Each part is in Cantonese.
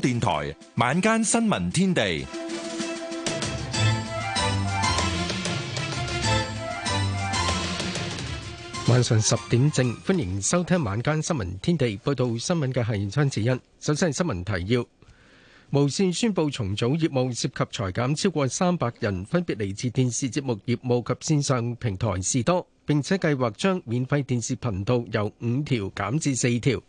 電台晚間新聞天地，晚上十點正，歡迎收聽晚間新聞天地。報道新聞嘅係張子欣。首先係新聞提要：無綫宣布重組業務，涉及裁減超過三百人，分別嚟自電視節目業務及綫上平台士多，並且計劃將免費電視頻道由五條減至四條。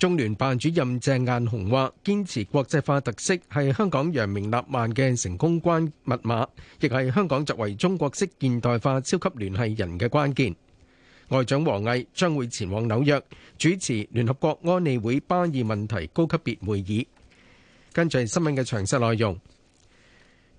中聯辦主任鄭雁雄話，堅持國際化特色係香港揚名立萬嘅成功關密碼，亦係香港作為中國式現代化超級聯繫人嘅關鍵。外長王毅將會前往紐約，主持聯合國安理會巴以問題高級別會議。跟住係新聞嘅詳細內容。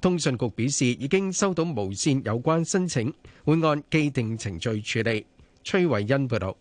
通訊局表示，已經收到無綫有關申請，會按既定程序處理。崔慧欣報道，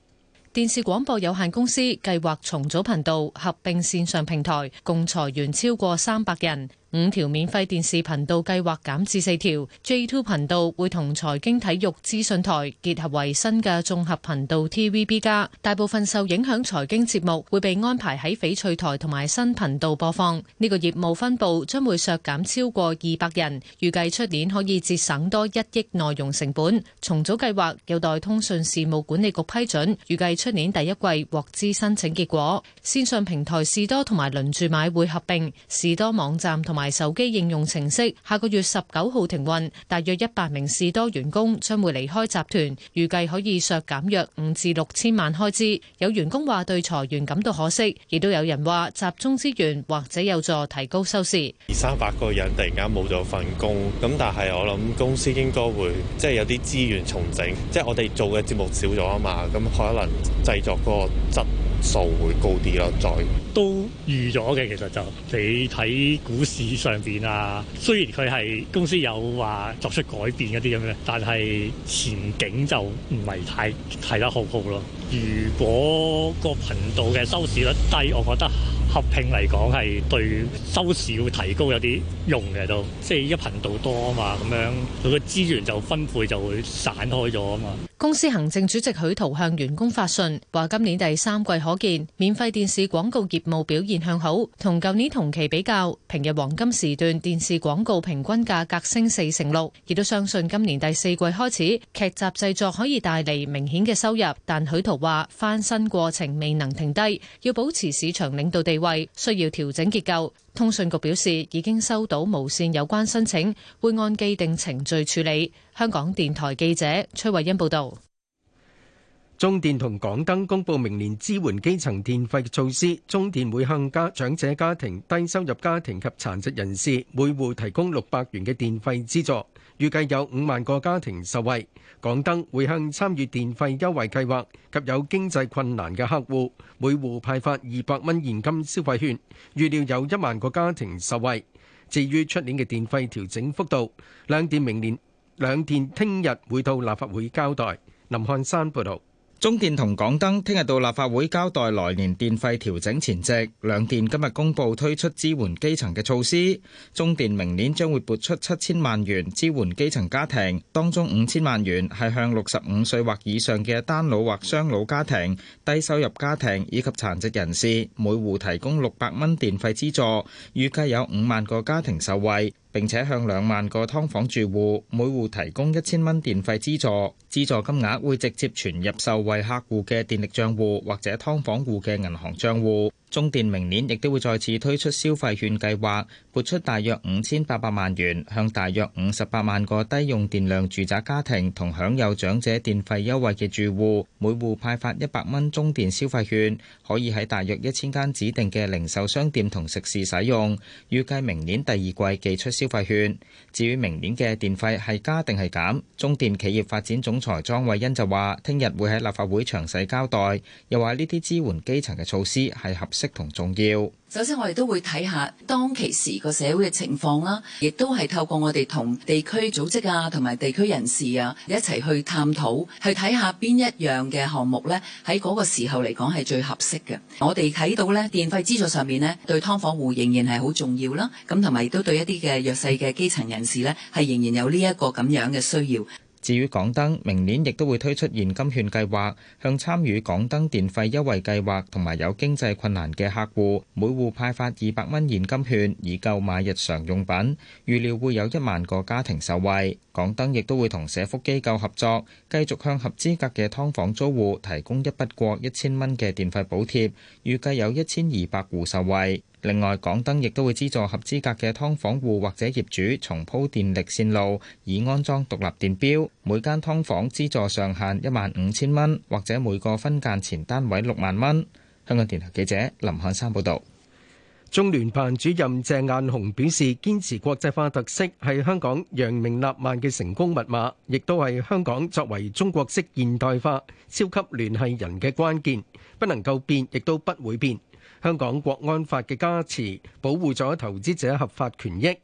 電視廣播有限公司計劃重組頻道、合併綫上平台，共裁員超過三百人。五條免費電視頻道計劃減至四條 J2 頻道會同財經體育資訊台結合為新嘅綜合頻道 TVB 加。大部分受影響財經節目會被安排喺翡翠台同埋新頻道播放。呢、這個業務分部將會削減超過二百人，預計出年可以節省多一億內容成本。重組計劃有待通訊事務管理局批准，預計出年第一季獲知申請結果。線上平台士多同埋鄰住買會合併士多網站同埋。埋手機應用程式，下個月十九號停運，大約一百名士多員工將會離開集團，預計可以削減約五至六千萬開支。有員工話對裁員感到可惜，亦都有人話集中資源或者有助提高收視。二三百個人突然間冇咗份工，咁但係我諗公司應該會即係有啲資源重整，即係我哋做嘅節目少咗吖嘛，咁可能製作個質數會高啲喇，再都預咗嘅。其實就你睇股市上邊啊，雖然佢係公司有話作出改變嗰啲咁樣，但係前景就唔係太睇得好好咯。如果個頻道嘅收視率低，我覺得合併嚟講係對收視會提高有啲用嘅，就即係一頻道多啊嘛，咁樣佢個資源就分配就會散開咗啊嘛。公司行政主席許濤向員工發信話：今年第三季可見免費電視廣告業務表現向好，同舊年同期比較，平日黃金時段電視廣告平均價格升四成六，亦都相信今年第四季開始劇集製作可以帶嚟明顯嘅收入。但許濤話，翻身過程未能停低，要保持市場領導地位，需要調整結構。通訊局表示，已經收到無綫有關申請，會按既定程序處理。香港電台記者崔慧欣報道。中電同港燈公布明年支援基層電費嘅措施。中電會向家長者家庭、低收入家庭及殘疾人士每戶提供六百元嘅電費資助，預計有五萬個家庭受惠。港燈會向參與電費優惠計劃及有經濟困難嘅客戶每戶派發二百蚊現金消費券，預料有一萬個家庭受惠。至於出年嘅電費調整幅度，兩電明年兩電聽日會到立法會交代。林漢山報道。中電同港燈聽日到立法會交代來年電費調整前夕，兩電今日公布推出支援基層嘅措施。中電明年將會撥出七千萬元支援基層家庭，當中五千萬元係向六十五歲或以上嘅單老或雙老家庭、低收入家庭以及殘疾人士每戶提供六百蚊電費資助，預計有五萬個家庭受惠。並且向兩萬個劏房住戶每戶提供一千蚊電費資助，資助金額會直接存入受惠客戶嘅電力帳戶或者劏房戶嘅銀行帳戶。中電明年亦都會再次推出消費券計劃，撥出大約五千八百萬元向大約五十八萬個低用電量住宅家庭同享有長者電費優惠嘅住戶，每戶派發一百蚊中電消費券，可以喺大約一千間指定嘅零售商店同食肆使用。預計明年第二季寄出消費券。至於明年嘅電費係加定係減，中電企業發展總裁莊偉欣就話：聽日會喺立法會詳細交代。又話呢啲支援基層嘅措施係合適同重要。首先，我哋都會睇下當其時個社會嘅情況啦，亦都係透過我哋同地區組織啊，同埋地區人士啊一齊去探討，去睇下邊一樣嘅項目呢。喺嗰個時候嚟講係最合適嘅。我哋睇到呢電費資助上面呢，對劏房戶仍然係好重要啦。咁同埋亦都對一啲嘅弱勢嘅基層人士呢，係仍然有呢一個咁樣嘅需要。至於港燈，明年亦都會推出現金券計劃，向參與港燈電費優惠計劃同埋有經濟困難嘅客戶，每戶派發二百蚊現金券以購買日常用品。預料會有一萬個家庭受惠。港燈亦都會同社福機構合作，繼續向合資格嘅劏房租戶提供一筆過一千蚊嘅電費補貼，預計有一千二百戶受惠。另外，港燈亦都會資助合資格嘅劏房戶或者業主重鋪電力線路，以安裝獨立電表。每間劏房資助上限一萬五千蚊，或者每個分間前單位六萬蚊。香港電台記者林漢山報道。中聯辦主任鄭雁雄表示，堅持國際化特色，係香港揚名立萬嘅成功密碼，亦都係香港作為中國式現代化超級聯繫人嘅關鍵，不能夠變，亦都不會變。香港國安法嘅加持，保護咗投資者合法權益。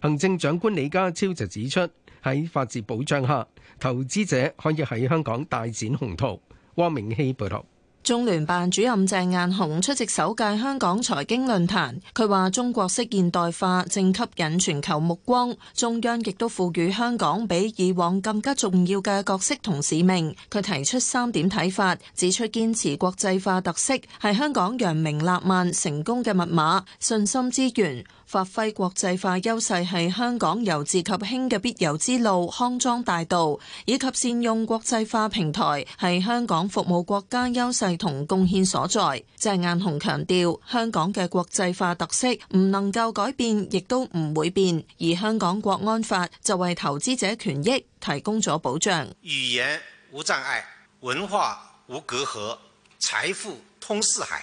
行政長官李家超就指出，喺法治保障下，投資者可以喺香港大展宏圖。汪明希報道。中聯辦主任鄭雁雄出席首屆香港財經論壇，佢話中國式現代化正吸引全球目光，中央亦都賦予香港比以往更加重要嘅角色同使命。佢提出三點睇法，指出堅持國際化特色係香港揚名立萬成功嘅密碼、信心之源。發揮國際化優勢係香港由治及興嘅必由之路，康莊大道，以及善用國際化平台係香港服務國家優勢同貢獻所在。鄭雁雄強調，香港嘅國際化特色唔能夠改變，亦都唔會變，而香港國安法就為投資者權益提供咗保障。語言無障礙，文化無隔閡，財富通四海。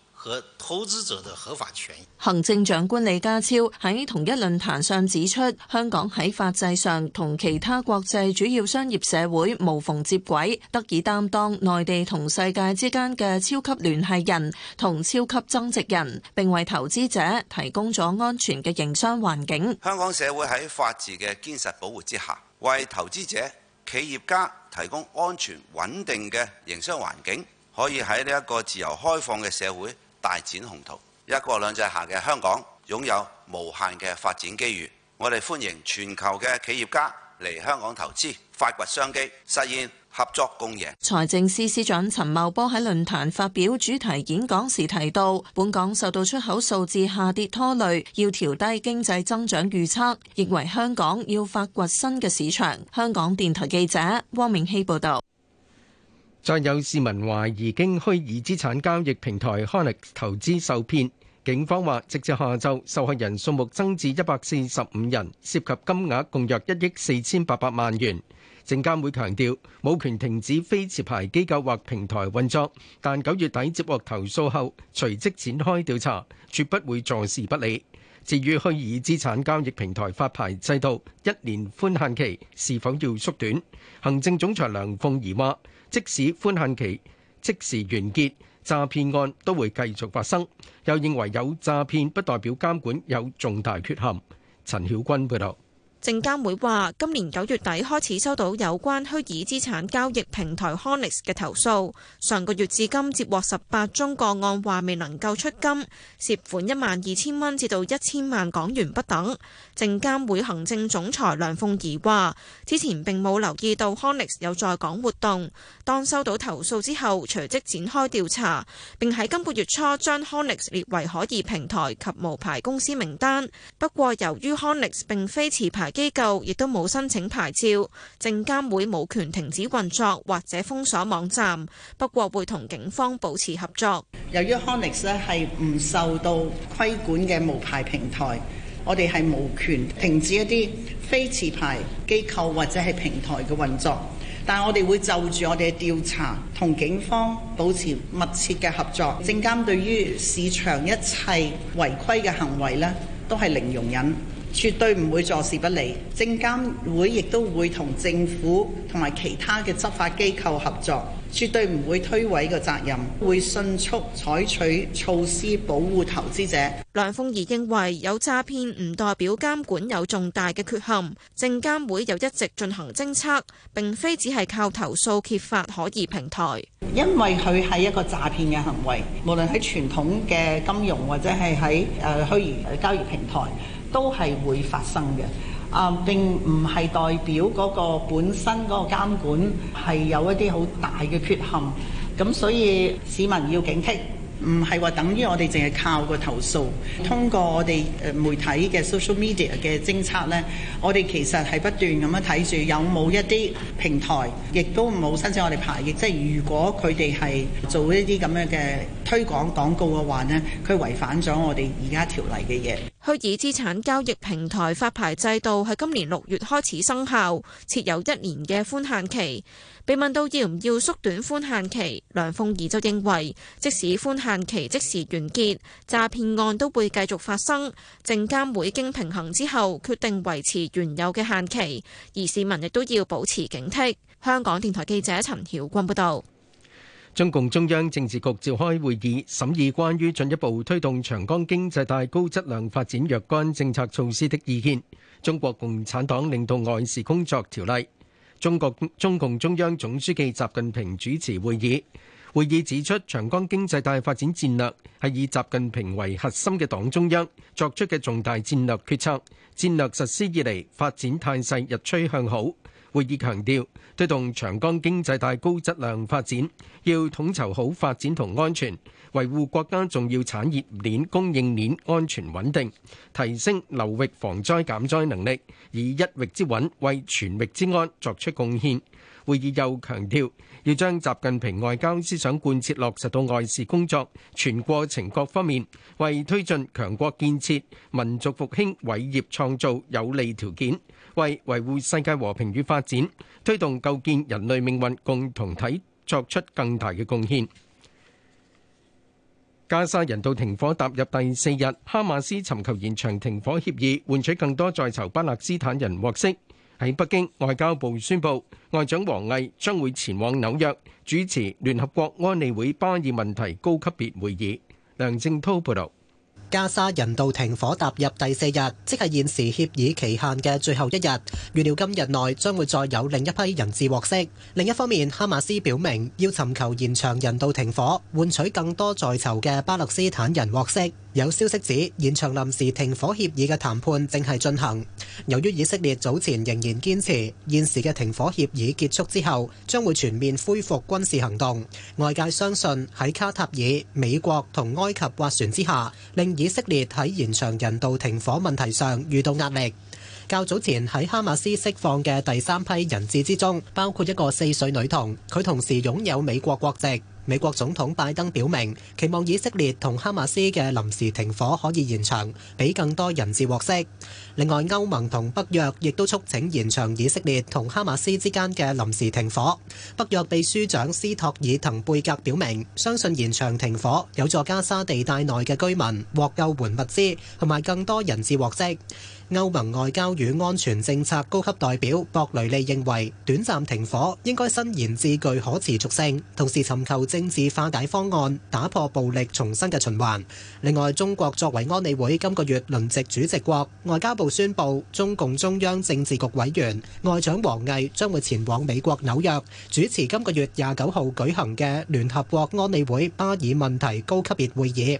和投資者的合法權益。行政長官李家超喺同一論壇上指出，香港喺法制上同其他國際主要商業社會無縫接軌，得以擔當內地同世界之間嘅超級聯繫人同超級增值人，並為投資者提供咗安全嘅營商環境。香港社會喺法治嘅堅實保護之下，為投資者、企業家提供安全穩定嘅營商環境，可以喺呢一個自由開放嘅社會。大展宏圖，一國兩制下嘅香港擁有無限嘅發展機遇。我哋歡迎全球嘅企業家嚟香港投資發掘商機，實現合作共贏。財政司司長陳茂波喺論壇發表主題演講時提到，本港受到出口數字下跌拖累，要調低經濟增長預測，認為香港要發掘新嘅市場。香港電台記者汪明熙報道。再有市民懷疑經虛擬資產交易平台 Hounax 投資受騙，警方話：直至下晝，受害人數目增至一百四十五人，涉及金額共約一億四千八百萬元。證監會強調，冇權停止非持牌機構或平台運作，但九月底接獲投訴後，隨即展開調查，絕不會坐視不理。至於虛擬資產交易平台發牌制度一年寬限期是否要縮短，行政總裁梁鳳儀話。即使寬限期即時完結，詐騙案都會繼續發生。又認為有詐騙不代表監管有重大缺陷。陳曉君報道。證監會話今年九月底開始收到有關虛擬資產交易平台 Hounax 嘅投訴，上個月至今接獲十八宗個案，話未能夠出金，涉款一萬二千蚊至到一千萬港元不等。證監會行政總裁梁鳳儀話之前並冇留意到 Hounax 有在港活動，當收到投訴之後隨即展開調查，並喺今個月初將 Hounax 列為可疑平台及無牌公司名單，不過由於 Hounax 並非持牌。機構亦都冇申請牌照。證監會冇權停止運作或者封鎖網站，不過會同警方保持合作。由於康力斯係唔受到規管嘅無牌平台，我哋係冇權停止一啲非持牌機構或者係平台嘅運作，但係我哋會就住我哋嘅調查同警方保持密切嘅合作。證監對於市場一切違規嘅行為咧，都係零容忍。絕對唔會坐視不理，證監會亦都會同政府同埋其他嘅執法機構合作，絕對唔會推諉個責任，會迅速採取措施保護投資者。梁鳳儀認為有詐騙唔代表監管有重大嘅缺陷，證監會又一直進行偵測，並非只係靠投訴揭發可疑平台，因為佢係一個詐騙嘅行為，無論喺傳統嘅金融或者係喺誒虛擬交易平台。都係會發生嘅，啊、呃、並唔係代表嗰個本身嗰個監管係有一啲好大嘅缺陷，咁所以市民要警惕，唔係話等於我哋淨係靠個投訴，通過我哋誒媒體嘅 social media 嘅偵察呢，我哋其實係不斷咁樣睇住有冇一啲平台，亦都冇申請我哋排，亦即係如果佢哋係做一啲咁樣嘅推廣廣告嘅話呢，佢違反咗我哋而家條例嘅嘢。虛擬資產交易平台發牌制度喺今年六月開始生效，設有一年嘅寬限期。被問到要唔要縮短寬限期，梁鳳儀就認為，即使寬限期即時完結，詐騙案都會繼續發生。證監會經平衡之後決定維持原有嘅限期，而市民亦都要保持警惕。香港電台記者陳曉君報道。中共中央政治局召開會議，審議關於進一步推動長江經濟帶高質量發展若干政策措施的意見、中國共產黨領導外事工作條例。中國中共中央總書記習近平主持會議，會議指出，長江經濟帶發展戰略係以習近平為核心嘅黨中央作出嘅重大戰略決策，戰略實施以嚟，發展態勢日趨向好。會議強調，推動長江經濟帶高質量發展，要統籌好發展同安全，維護國家重要產業鏈、供應鏈安全穩定，提升流域防災減災能力，以一域之穩為全域之安作出貢獻。會議又強調，要將習近平外交思想貫徹落實到外事工作全過程各方面，為推進強國建設、民族復興偉業創造有利條件，為維護世界和平與發展、推動構建人類命運共同體作出更大嘅貢獻。加沙人道停火踏入第四日，哈馬斯尋求延長停火協議，換取更多在囚巴勒斯坦人獲釋。喺北京，外交部宣布，外長王毅將會前往紐約主持聯合國安理會巴以問題高級別會議。梁正濤報道。加沙人道停火踏入第四日，即係現時協議期限嘅最後一日，預料今日內將會再有另一批人質獲釋。另一方面，哈馬斯表明要尋求延長人道停火，換取更多在囚嘅巴勒斯坦人獲釋。有消息指，延長臨時停火協議嘅談判正係進行。由於以色列早前仍然堅持，現時嘅停火協議結束之後，將會全面恢復軍事行動。外界相信喺卡塔爾、美國同埃及斡旋之下，令以色列喺延長人道停火問題上遇到壓力。較早前喺哈馬斯釋放嘅第三批人質之中，包括一個四歲女童，佢同時擁有美國國籍。美國總統拜登表明，期望以色列同哈馬斯嘅臨時停火可以延長，俾更多人質獲釋。另外，歐盟同北約亦都促請延長以色列同哈馬斯之間嘅臨時停火。北約秘書長斯托爾滕貝格表明，相信延長停火有助加沙地帶內嘅居民獲救援物資，同埋更多人質獲釋。歐盟外交與安全政策高級代表博雷利認為，短暫停火應該伸延至具可持續性，同時尋求政治化解方案，打破暴力重新嘅循環。另外，中國作為安理會今個月輪值主席國，外交部宣布，中共中央政治局委員、外長王毅將會前往美國紐約主持今個月廿九號舉行嘅聯合國安理會巴以問題高級別會議。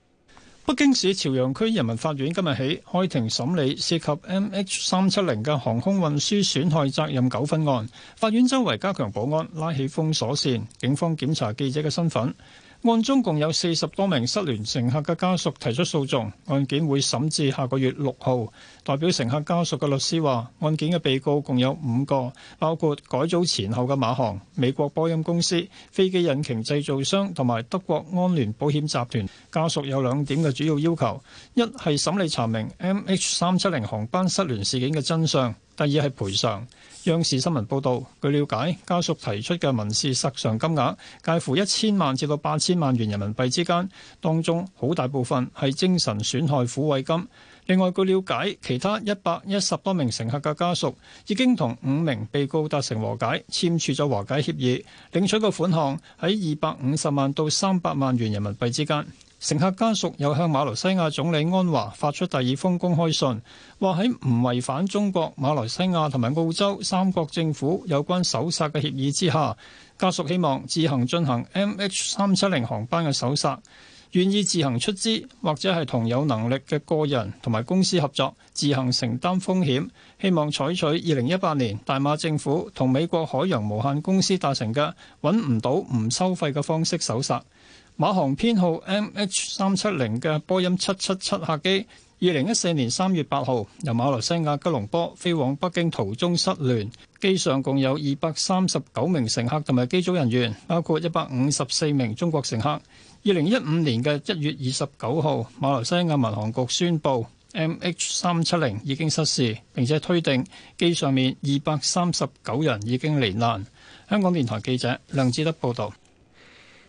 北京市朝陽區人民法院今日起開庭審理涉及 MH 370嘅航空運輸損害責任糾紛案，法院周圍加強保安，拉起封鎖線，警方檢查記者嘅身份。案中共有四十多名失聯乘客嘅家屬提出訴訟，案件會審至下個月六號。代表乘客家屬嘅律師話，案件嘅被告共有五個，包括改組前後嘅馬航、美國波音公司、飛機引擎製造商同埋德國安聯保險集團。家屬有兩點嘅主要要求：一係審理查明 MH 三七零航班失聯事件嘅真相；第二係賠償。央視新聞報道，據了解，家屬提出嘅民事賠償金額介乎一千萬至到八千萬元人民幣之間，當中好大部分係精神損害撫慰金。另外，據了解，其他一百一十多名乘客嘅家屬已經同五名被告達成和解，簽署咗和解協議，領取嘅款項喺二百五十萬到三百萬元人民幣之間。乘客家屬又向馬來西亞總理安華發出第二封公開信，話喺唔違反中國、馬來西亞同埋澳洲三國政府有關搜索嘅協議之下，家屬希望自行進行 MH370 航班嘅搜索，願意自行出資或者係同有能力嘅個人同埋公司合作，自行承擔風險，希望採取二零一八年大馬政府同美國海洋無限公司達成嘅揾唔到唔收費嘅方式搜索。馬航編號 MH 三七零嘅波音七七七客機，二零一四年三月八號由馬來西亞吉隆坡飛往北京途中失聯，機上共有二百三十九名乘客同埋機組人員，包括一百五十四名中國乘客。二零一五年嘅一月二十九號，馬來西亞民航局宣布 MH 三七零已經失事，並且推定機上面二百三十九人已經罹難。香港電台記者梁志德報道。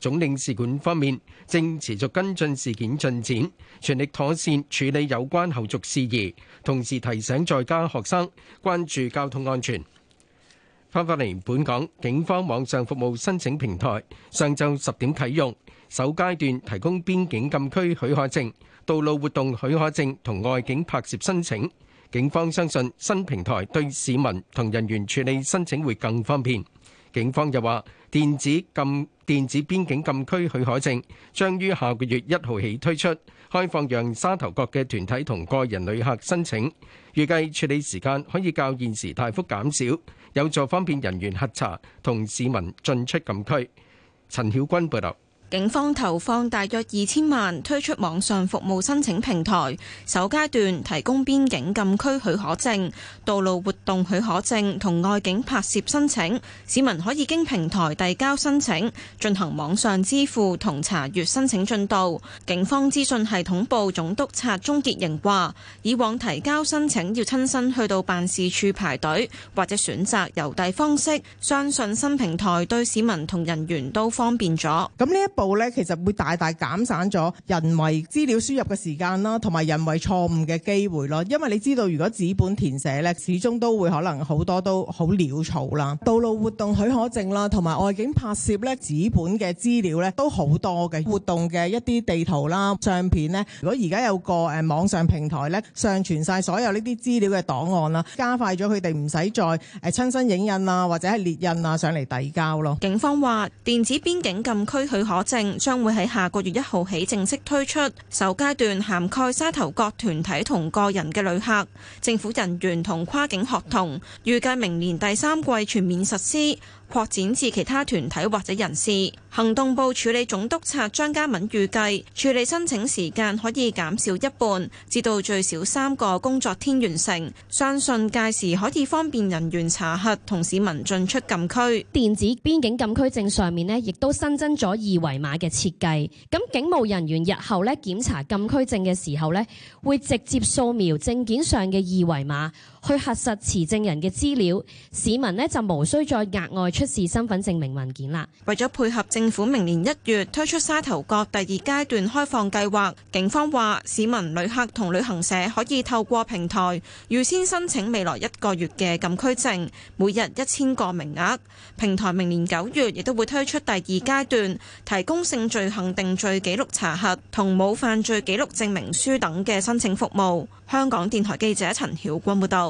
總領事館方面正持續跟進事件進展，全力妥善處理有關後續事宜，同時提醒在家學生關注交通安全。翻返嚟本港警方網上服務申請平台，上晝十點啟用，首階段提供邊境禁區許可證、道路活動許可證同外景拍攝申請。警方相信新平台對市民同人員處理申請會更方便。警方又話，電子禁，電子邊境禁區許可證將於下個月一號起推出，開放讓沙頭角嘅團體同個人旅客申請，預計處理時間可以較現時大幅減少，有助方便人員核查同市民進出禁區。陳曉君報道。警方投放大約二千萬，推出網上服務申請平台。首階段提供邊境禁區許可證、道路活動許可證同外景拍攝申請，市民可以經平台遞交申請、進行網上支付同查閱申請進度。警方資訊系統部總督察鍾潔瑩話，以往提交申請要親身去到辦事處排隊，或者選擇郵遞方式。相信新平台對市民同人員都方便咗。咁呢部咧，其實會大大減省咗人為資料輸入嘅時間啦，同埋人為錯誤嘅機會咯。因為你知道，如果紙本填寫咧，始終都會可能好多都好潦草啦。道路活動許可證啦，同埋外景拍攝咧，紙本嘅資料咧都好多嘅活動嘅一啲地圖啦、相片呢。如果而家有個誒網上平台咧，上傳晒所有呢啲資料嘅檔案啦，加快咗佢哋唔使再誒親身影印啊，或者係列印啊上嚟遞交咯。警方話電子邊境禁區許可證將會喺下個月一號起正式推出，首階段涵蓋沙頭角團體同個人嘅旅客、政府人員同跨境學童。預計明年第三季全面實施，擴展至其他團體或者人士。行動部處理總督察張家敏預計，處理申請時間可以減少一半，至到最少三個工作天完成。相信屆時可以方便人員查核同市民進出禁區。電子邊境禁區證上面呢，亦都新增咗二維。碼嘅設計，咁警務人員日後呢，檢查禁區證嘅時候呢，會直接掃描證件上嘅二維碼，去核實持證人嘅資料，市民呢就無需再額外出示身份證明文件啦。為咗配合政府明年一月推出沙頭角第二階段開放計劃，警方話市民、旅客同旅行社可以透過平台預先申請未來一個月嘅禁區證，每日一千個名額。平台明年九月亦都會推出第二階段，提供性罪行定罪記錄查核同冇犯罪記錄證明書等嘅申請服務。香港電台記者陳曉君報道。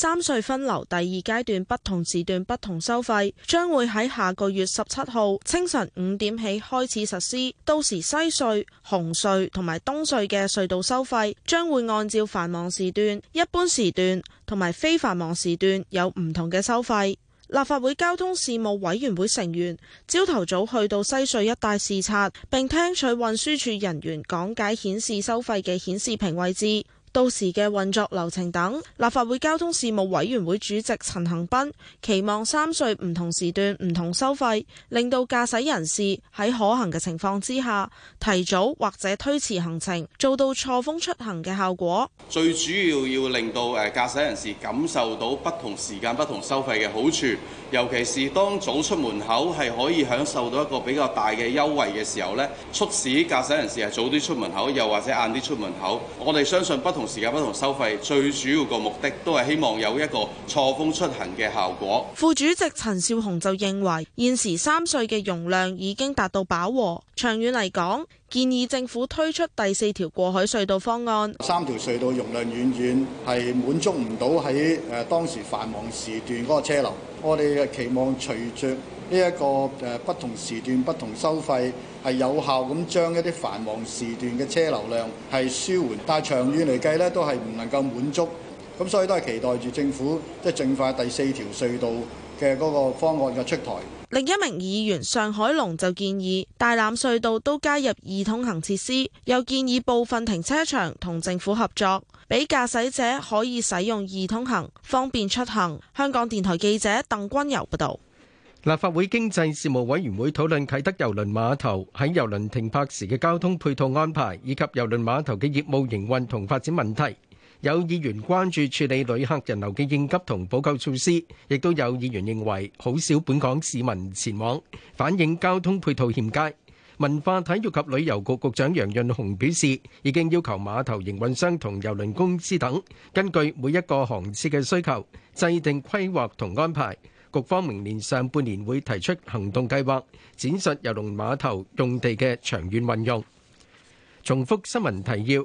三隧分流第二階段不同時段不同收費，將會喺下個月十七號清晨五點起開始實施。到時西隧、紅隧同埋東隧嘅隧道收費，將會按照繁忙時段、一般時段同埋非繁忙時段有唔同嘅收費。立法會交通事務委員會成員朝頭早去到西隧一帶視察，並聽取運輸署人員講解顯示收費嘅顯示屏位置。到時嘅運作流程等，立法會交通事務委員會主席陳恒鑌期望三隧唔同時段唔同收費，令到駕駛人士喺可行嘅情況之下提早或者推遲行程，做到錯峰出行嘅效果。最主要要令到誒駕駛人士感受到不同時間不同收費嘅好處，尤其是當早出門口係可以享受到一個比較大嘅優惠嘅時候咧，促使駕駛人士係早啲出門口，又或者晏啲出門口。我哋相信不同。時間不同收費，最主要個目的都係希望有一個錯峰出行嘅效果。副主席陳少雄就認為，現時三歲嘅容量已經達到飽和，長遠嚟講。建議政府推出第四條過海隧道方案。三條隧道容量遠遠係滿足唔到喺誒當時繁忙時段嗰個車流。我哋期望隨着呢一個誒不同時段不同收費，係有效咁將一啲繁忙時段嘅車流量係舒緩。但係長遠嚟計呢，都係唔能夠滿足。咁所以都係期待住政府即係盡快第四條隧道嘅嗰個方案嘅出台。另一名議員上海龍就建議大欖隧道都加入二通行設施，又建議部分停車場同政府合作，俾駕駛者可以使用二通行，方便出行。香港電台記者鄧君遊報道。立法會經濟事務委員會討論啟德郵輪碼頭喺郵輪停泊時嘅交通配套安排，以及郵輪碼頭嘅業務營運同發展問題。有議員關注處理旅客人流嘅應急同補救措施，亦都有議員認為好少本港市民前往，反映交通配套欠佳。文化體育及旅遊局局長楊潤雄表示，已經要求碼頭營運商同郵輪公司等，根據每一個航次嘅需求，制定規劃同安排。局方明年上半年會提出行動計劃，展述郵輪碼頭用地嘅長遠運用。重複新聞提要。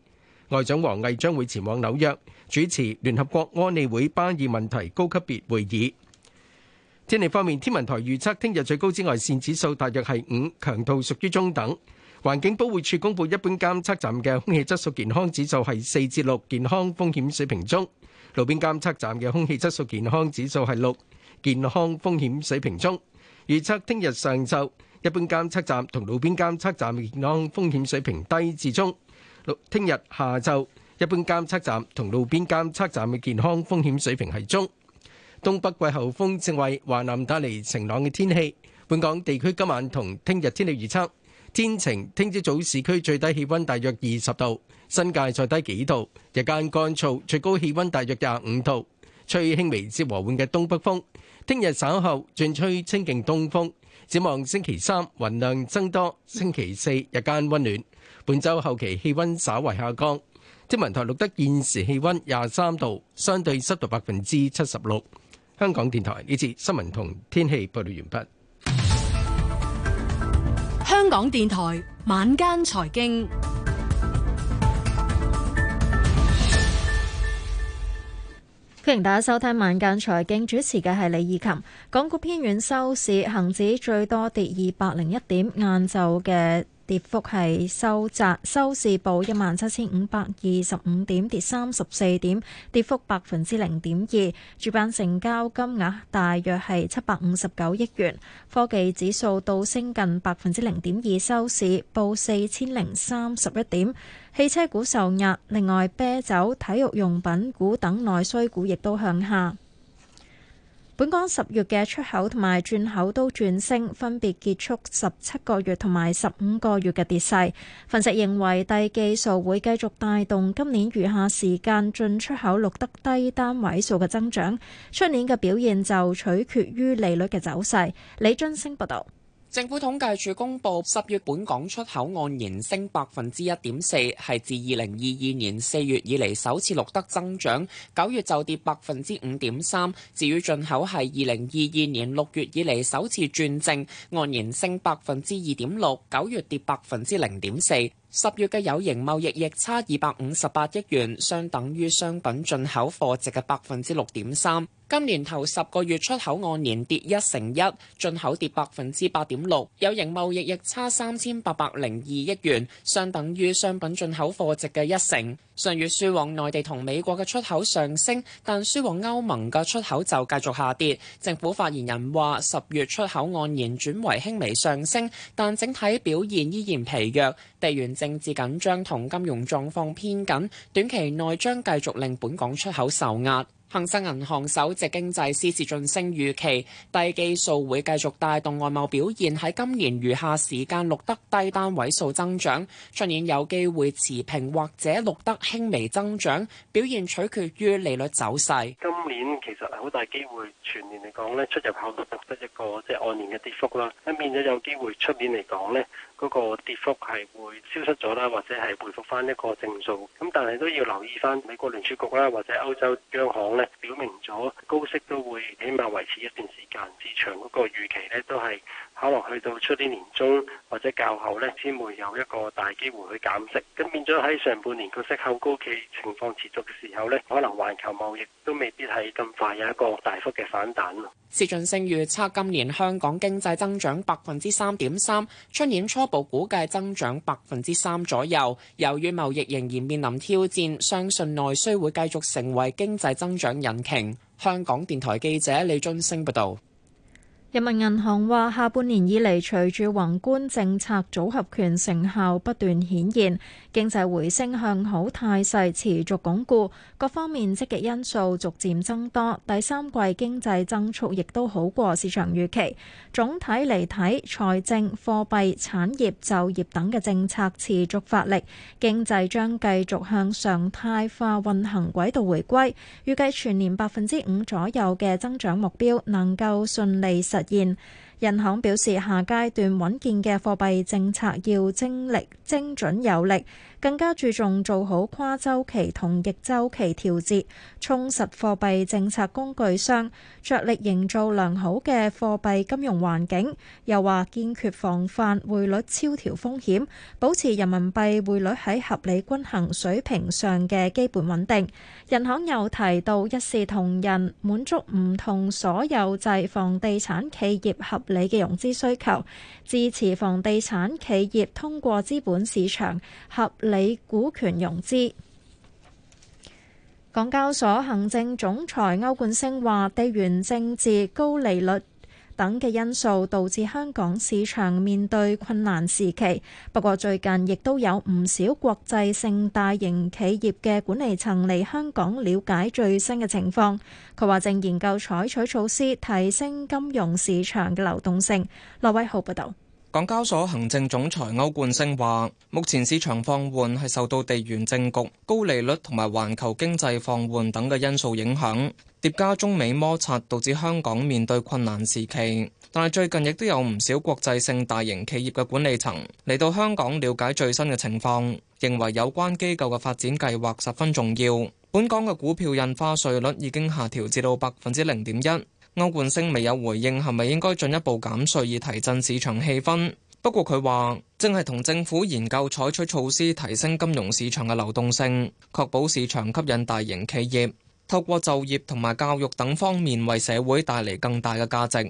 外長王毅將會前往紐約主持聯合國安理會巴以問題高級別會議。天氣方面，天文台預測聽日最高紫外線指數大約係五，強度屬於中等。環境保護處公布一般監測站嘅空氣質素健康指數係四至六，健康風險水平中；路邊監測站嘅空氣質素健康指數係六，健康風險水平中。預測聽日上晝一般監測站同路邊監測站健康風險水平低至中。聽日下晝，一般監測站同路邊監測站嘅健康風險水平係中。東北季候風正為華南帶嚟晴朗嘅天氣。本港地區今晚同聽日天氣預測：天晴，聽朝早市區最低氣溫大約二十度，新界再低幾度。日間乾燥，最高氣溫大約廿五度，吹輕微至和緩嘅東北風。聽日稍後轉吹清勁東風。展望星期三雲量增多，星期四日間溫暖。本周後期氣溫稍為下降，天文台錄得現時氣溫廿三度，相對濕度百分之七十六。香港電台呢次新聞同天氣報道完畢。香港電台晚間財經，歡迎大家收聽晚間財經，主持嘅係李以琴。港股偏遠收市，恒指最多跌二百零一點，晏晝嘅，跌幅係收窄，收市報一萬七千五百二十五點，跌三十四點，跌幅百分之零點二。主板成交金額大約係七百五十九億元。科技指數倒升近百分之零點二，收市報四千零三十一點。汽車股受壓，另外啤酒、體育用品股等內需股亦都向下。本港十月嘅出口同埋轉口都轉升，分別結束十七個月同埋十五個月嘅跌勢。分析認為，低基數會繼續帶動今年餘下時間進出口錄得低單位數嘅增長，出年嘅表現就取決於利率嘅走勢。李津升報道。政府統計處公布，十月本港出口按年升百分之一點四，係自二零二二年四月以嚟首次錄得增長。九月就跌百分之五點三。至於進口係二零二二年六月以嚟首次轉正，按年升百分之二點六，九月跌百分之零點四。十月嘅有形貿易逆差二百五十八億元，相等於商品進口貨值嘅百分之六點三。今年頭十個月出口按年跌一成一，進口跌百分之八點六，有形貿易逆差三千八百零二億元，相等於商品進口貨值嘅一成。上月輸往內地同美國嘅出口上升，但輸往歐盟嘅出口就繼續下跌。政府發言人話，十月出口按年轉為輕微上升，但整體表現依然疲弱。地緣政治緊張同金融狀況偏緊，短期內將繼續令本港出口受壓。恒生銀行首席經濟師薛俊昇預期，低基數會繼續帶動外貿表現喺今年餘下時間錄得低單位數增長，出年有機會持平或者錄得輕微增長，表現取決於利率走勢。今年其實係好大機會，全年嚟講咧，出入口都獲得一個即係按年嘅跌幅啦，咁變咗有機會出年嚟講咧。嗰個跌幅係會消失咗啦，或者係回復翻一個正數，咁但係都要留意翻美國聯儲局啦，或者歐洲央行咧，表明咗高息都會起碼維持一段時間。市場嗰個預期咧，都係可能去到出年年中或者較後咧，先會有一個大機會去減息。咁變咗喺上半年個息後高企情況持續嘅時候咧，可能環球貿易都未必係咁快有一個大幅嘅反彈啊。薛俊盛預測今年香港經濟增長百分之三點三，春年初。初步估計增長百分之三左右，由於貿易仍然面臨挑戰，相信內需會繼續成為經濟增長引擎。香港電台記者李津升報道。人民銀行話下半年以嚟，隨住宏觀政策組合拳成效不斷顯現，經濟回升向好態勢持續鞏固，各方面積極因素逐漸增多。第三季經濟增速亦都好過市場預期。總體嚟睇，財政、貨幣、產業、就業等嘅政策持續發力，經濟將繼續向常態化運行軌道回歸，預計全年百分之五左右嘅增長目標能夠順利實。人行表示，下階段穩健嘅貨幣政策要精力、精準有力。更加注重做好跨周期同逆周期調節，充實貨幣政策工具箱，着力營造良好嘅貨幣金融環境。又話堅決防範匯率超調風險，保持人民幣匯率喺合理均衡水平上嘅基本穩定。人行又提到一視同仁，滿足唔同所有制房地產企業合理嘅融資需求，支持房地產企業通過資本市場合理。理股權融資。港交所行政總裁歐冠昇話：地緣政治、高利率等嘅因素導致香港市場面對困難時期。不過最近亦都有唔少國際性大型企業嘅管理層嚟香港了解最新嘅情況。佢話正研究採取措施提升金融市場嘅流動性。羅偉豪報導。港交所行政總裁歐冠升話：目前市場放緩係受到地緣政局、高利率同埋環球經濟放緩等嘅因素影響，疊加中美摩擦導致香港面對困難時期。但係最近亦都有唔少國際性大型企業嘅管理層嚟到香港了解最新嘅情況，認為有關機構嘅發展計劃十分重要。本港嘅股票印花稅率已經下調至到百分之零點一。歐冠星未有回應，係咪應該進一步減稅以提振市場氣氛？不過佢話正係同政府研究採取措施，提升金融市場嘅流動性，確保市場吸引大型企業，透過就業同埋教育等方面為社會帶嚟更大嘅價值。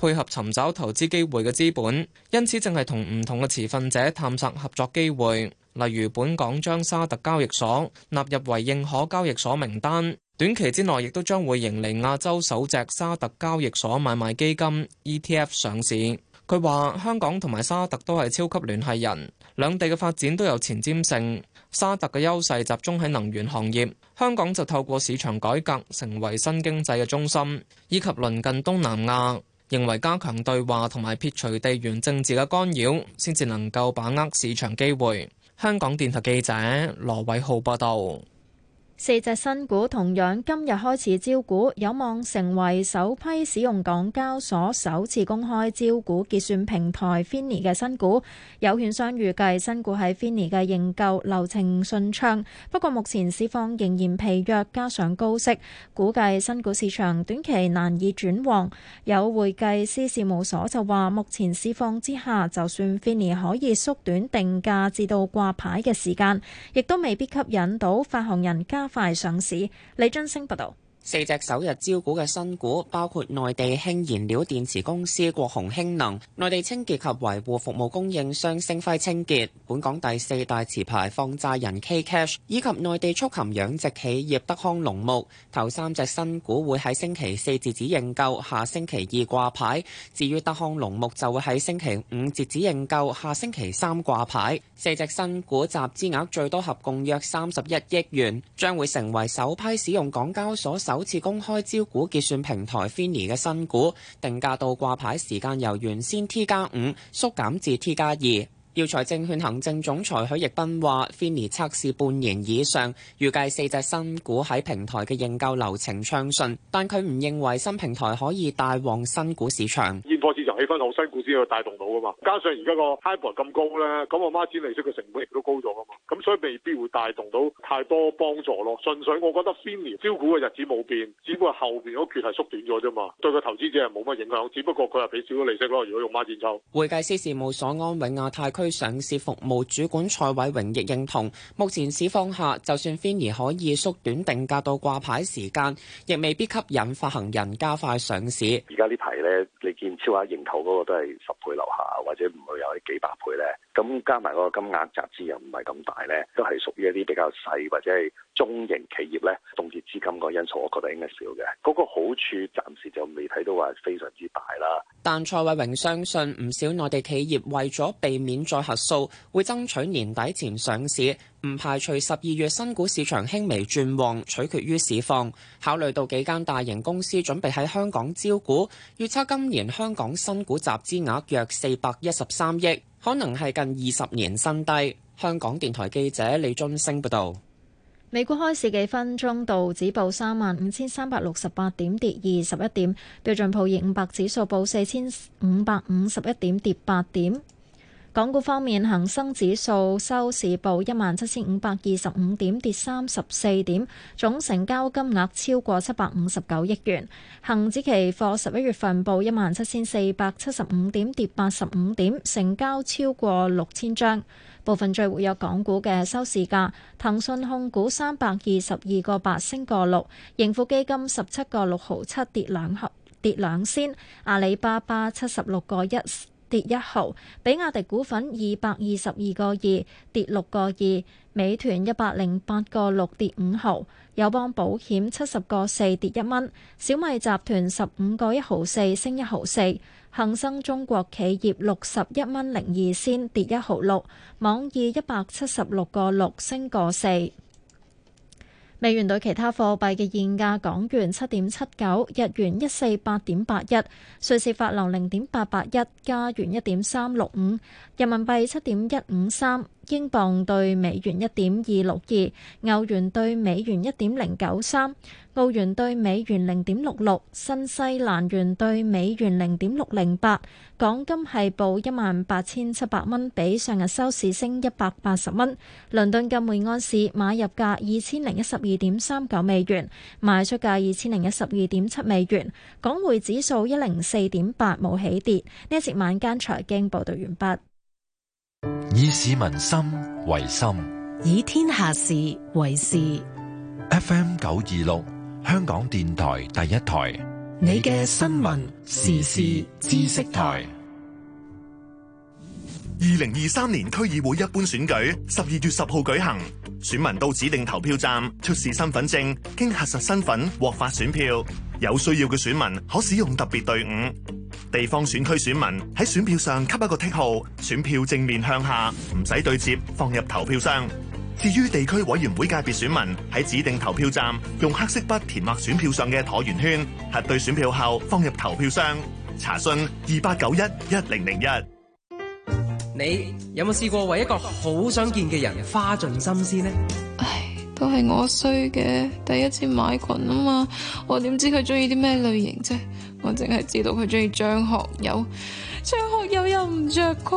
配合尋找投資機會嘅資本，因此正係同唔同嘅持份者探索合作機會，例如本港將沙特交易所納入為認可交易所名單，短期之內亦都將會迎嚟亞洲首隻沙特交易所買賣基金 （ETF） 上市。佢話：香港同埋沙特都係超級聯繫人，兩地嘅發展都有前瞻性。沙特嘅優勢集中喺能源行業，香港就透過市場改革成為新經濟嘅中心，以及鄰近東南亞。認為加強對話同埋撇除地緣政治嘅干擾，先至能夠把握市場機會。香港電台記者羅偉浩報道。四隻新股同樣今日開始招股，有望成為首批使用港交所首次公開招股結算平台 FINI 嘅新股。有券商預計新股喺 FINI 嘅認購流程順暢，不過目前市況仍然疲弱加上高息，估計新股市場短期難以轉旺。有會計師事務所就話，目前市況之下，就算 FINI 可以縮短定價至到掛牌嘅時間，亦都未必吸引到發行人加快上市，李津星報道。四隻首日招股嘅新股包括內地氫燃料電池公司國鴻氫能、內地清潔及維護服務供應商星輝清潔、本港第四大持牌放債人 K Cash 以及內地畜禽養殖企業，企業德康農牧。頭三隻新股會喺星期四截止認購，下星期二掛牌；至於德康農牧就會喺星期五截止認購，下星期三掛牌。四隻新股集資額最多合共約三十一億元，將會成為首批使用港交所。首次公開招股結算平台 FINI 嘅新股定價到掛牌時間由原先 T 加五縮減至 T 加二。耀才證券行政總裁許奕斌話 FINI 測試半年以上，預計四隻新股喺平台嘅認購流程暢順，但佢唔認為新平台可以帶旺新股市場。現貨市場氣氛好，新股先去帶動到噶嘛，加上而家個 HIBOR 咁高咧，咁我孖展利息嘅成本亦都高咗噶嘛，咁所以未必會帶動到太多幫助咯。純粹我覺得 FINI 招股嘅日子冇變，只不過後邊嗰橛係縮短咗啫嘛，對個投資者係冇乜影響，只不過佢係俾少咗利息咯。如果用孖展抽，會計師事務所安永亞太區上市服務主管蔡偉榮亦認同，目前市況下，就算 Finny 可以縮短定價到掛牌時間，亦未必吸引發行人加快上市。而家呢排咧，你見超額認購嗰個都係十倍樓下，或者唔會有幾百倍咧。咁加埋嗰個金額集資又唔係咁大咧，都係屬於一啲比較細或者係中型企業咧凍結資金個因素。我覺得應該少嘅嗰個好處暫時就未睇到話非常之大啦。但蔡慧榮相信唔少內地企業為咗避免再核數，會爭取年底前上市，唔排除十二月新股市場輕微轉旺，取決於市況，考慮到幾間大型公司準備喺香港招股，預測今年香港新股集資額約四百一十三億。可能係近二十年新低。香港電台記者李俊升報道，美國開市幾分鐘，道指報三萬五千三百六十八點，跌二十一點；標準普爾五百指數報四千五百五十一點，跌八點。港股方面，恒生指數收市報一萬七千五百二十五點跌三十四點，總成交金額超過七百五十九億元。恒指期貨十一月份報一萬七千四百七十五點跌八十五點，成交超過六千張。部分最活躍港股嘅收市價，騰訊控股三百二十二個八升個六，盈富基金十七個六毫七跌兩毫跌兩仙，阿里巴巴七十六個一。跌一毫，比亞迪股份二百二十二個二跌六個二，美團一百零八個六跌五毫，友邦保險七十個四跌一蚊，小米集團十五個一毫四升一毫四，恒生中國企業六十一蚊零二仙跌一毫六，網易一百七十六個六升個四。美元兌其他貨幣嘅現價：港元七點七九，日元一四八點八一，瑞士法郎零點八八一，加元一點三六五，人民幣七點一五三。英鎊兌美元一點二六二，歐元兌美元一點零九三，澳元兌美元零點六六，新西蘭元兌美元零點六零八。港金係報一萬八千七百蚊，比上日收市升一百八十蚊。倫敦金每安士買入價二千零一十二點三九美元，賣出價二千零一十二點七美元。港匯指數一零四點八，冇起跌。呢一節晚間財經報道完畢。以市民心為心，以天下事為事。FM 九二六，香港電台第一台，你嘅新聞時事知識台。二零二三年區議會一般選舉十二月十號舉行，選民到指定投票站出示身份證，經核實身份獲發選票。有需要嘅選民可使用特別隊伍。地方選區選民喺選票上給一個剔號，選票正面向下，唔使對接，放入投票箱。至於地區委員會界別選民喺指定投票站用黑色筆填畫選票上嘅橢圓圈，核對選票後放入投票箱。查詢二八九一一零零一。你有冇試過為一個好想見嘅人花盡心思呢？唉，都係我衰嘅，第一次買裙啊嘛，我點知佢中意啲咩類型啫？我淨係知道佢中意張學友，張學友又唔着裙。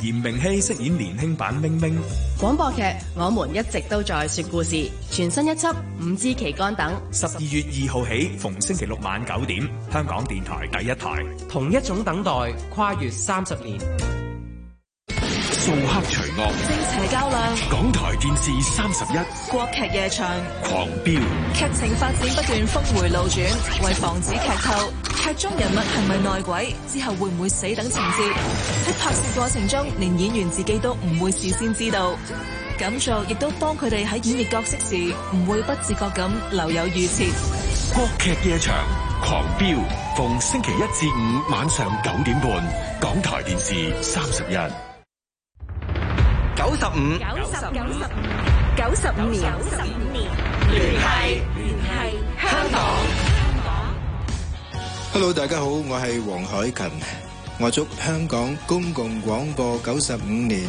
嚴明熙飾演年輕版明明。廣播劇，我們一直都在說故事。全新一輯《五枝旗杆》等。十二月二號起，逢星期六晚九點，香港電台第一台。同一種等待，跨越三十年。掃黑除惡，正邪較量。港台電視三十一，國劇夜場狂飆飆，劇情發展不斷峰回路轉。為防止劇透，劇中人物係咪內鬼，之後會唔會死等情節，喺拍攝過程中，連演員自己都唔會事先知道。咁做亦都幫佢哋喺演繹角色時，唔會不自覺咁留有預設。國劇夜場狂飆，逢星期一至五晚上九點半，港台電視三十一。九十五，九十五年，聯繫聯繫香港。Hello，大家好，我係黃海琴，我祝香港公共廣播九十五年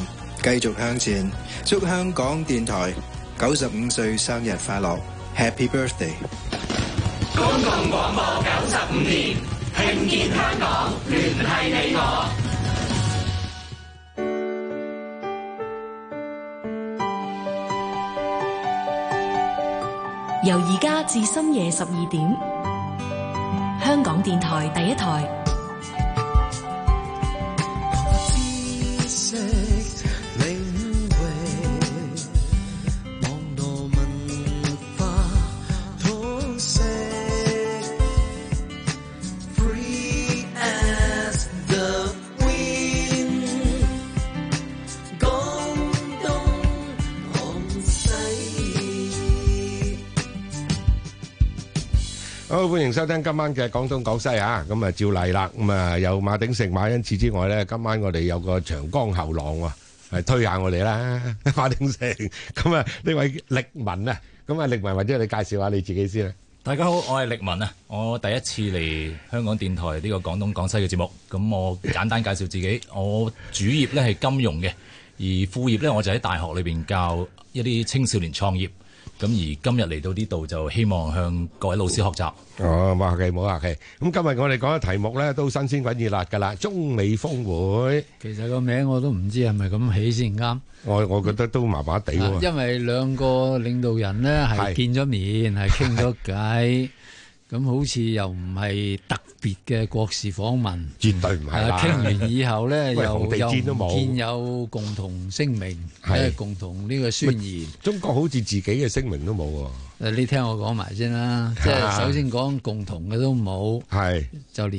繼續向前，祝香港電台九十五歲生日快樂，Happy Birthday！公共廣播九十五年，聽見香港，聯繫你我。由而家至深夜十二點，香港電台第一台。歡迎收聽今晚嘅廣東廣西啊，咁啊照例啦，咁啊有馬鼎盛馬恩賜之外咧，今晚我哋有個長江後浪啊，係推下我哋啦，馬鼎盛，咁啊呢位力文啊，咁啊力文或者你介紹下你自己先啊。大家好，我係力文啊，我第一次嚟香港電台呢個廣東廣西嘅節目，咁我簡單介紹自己，我主業咧係金融嘅，而副業咧我就喺大學裏邊教一啲青少年創業。咁而今日嚟到呢度就希望向各位老師學習。哦，冇客氣，冇客氣。咁今日我哋講嘅題目咧都新鮮滾熱辣㗎啦，中美峰會。其實個名我都唔知係咪咁起先啱。我我覺得都麻麻地喎。因為兩個領導人咧係見咗面，係傾咗偈。咁好似又唔係特別嘅國事訪問，絕對唔係啊。傾、啊、完以後咧， 又都有又唔見有共同聲明，係是共同呢個宣言。中國好似自己嘅聲明都冇。啊。誒，你聽我講埋先啦，啊、即係首先講共同嘅都冇，係是就連。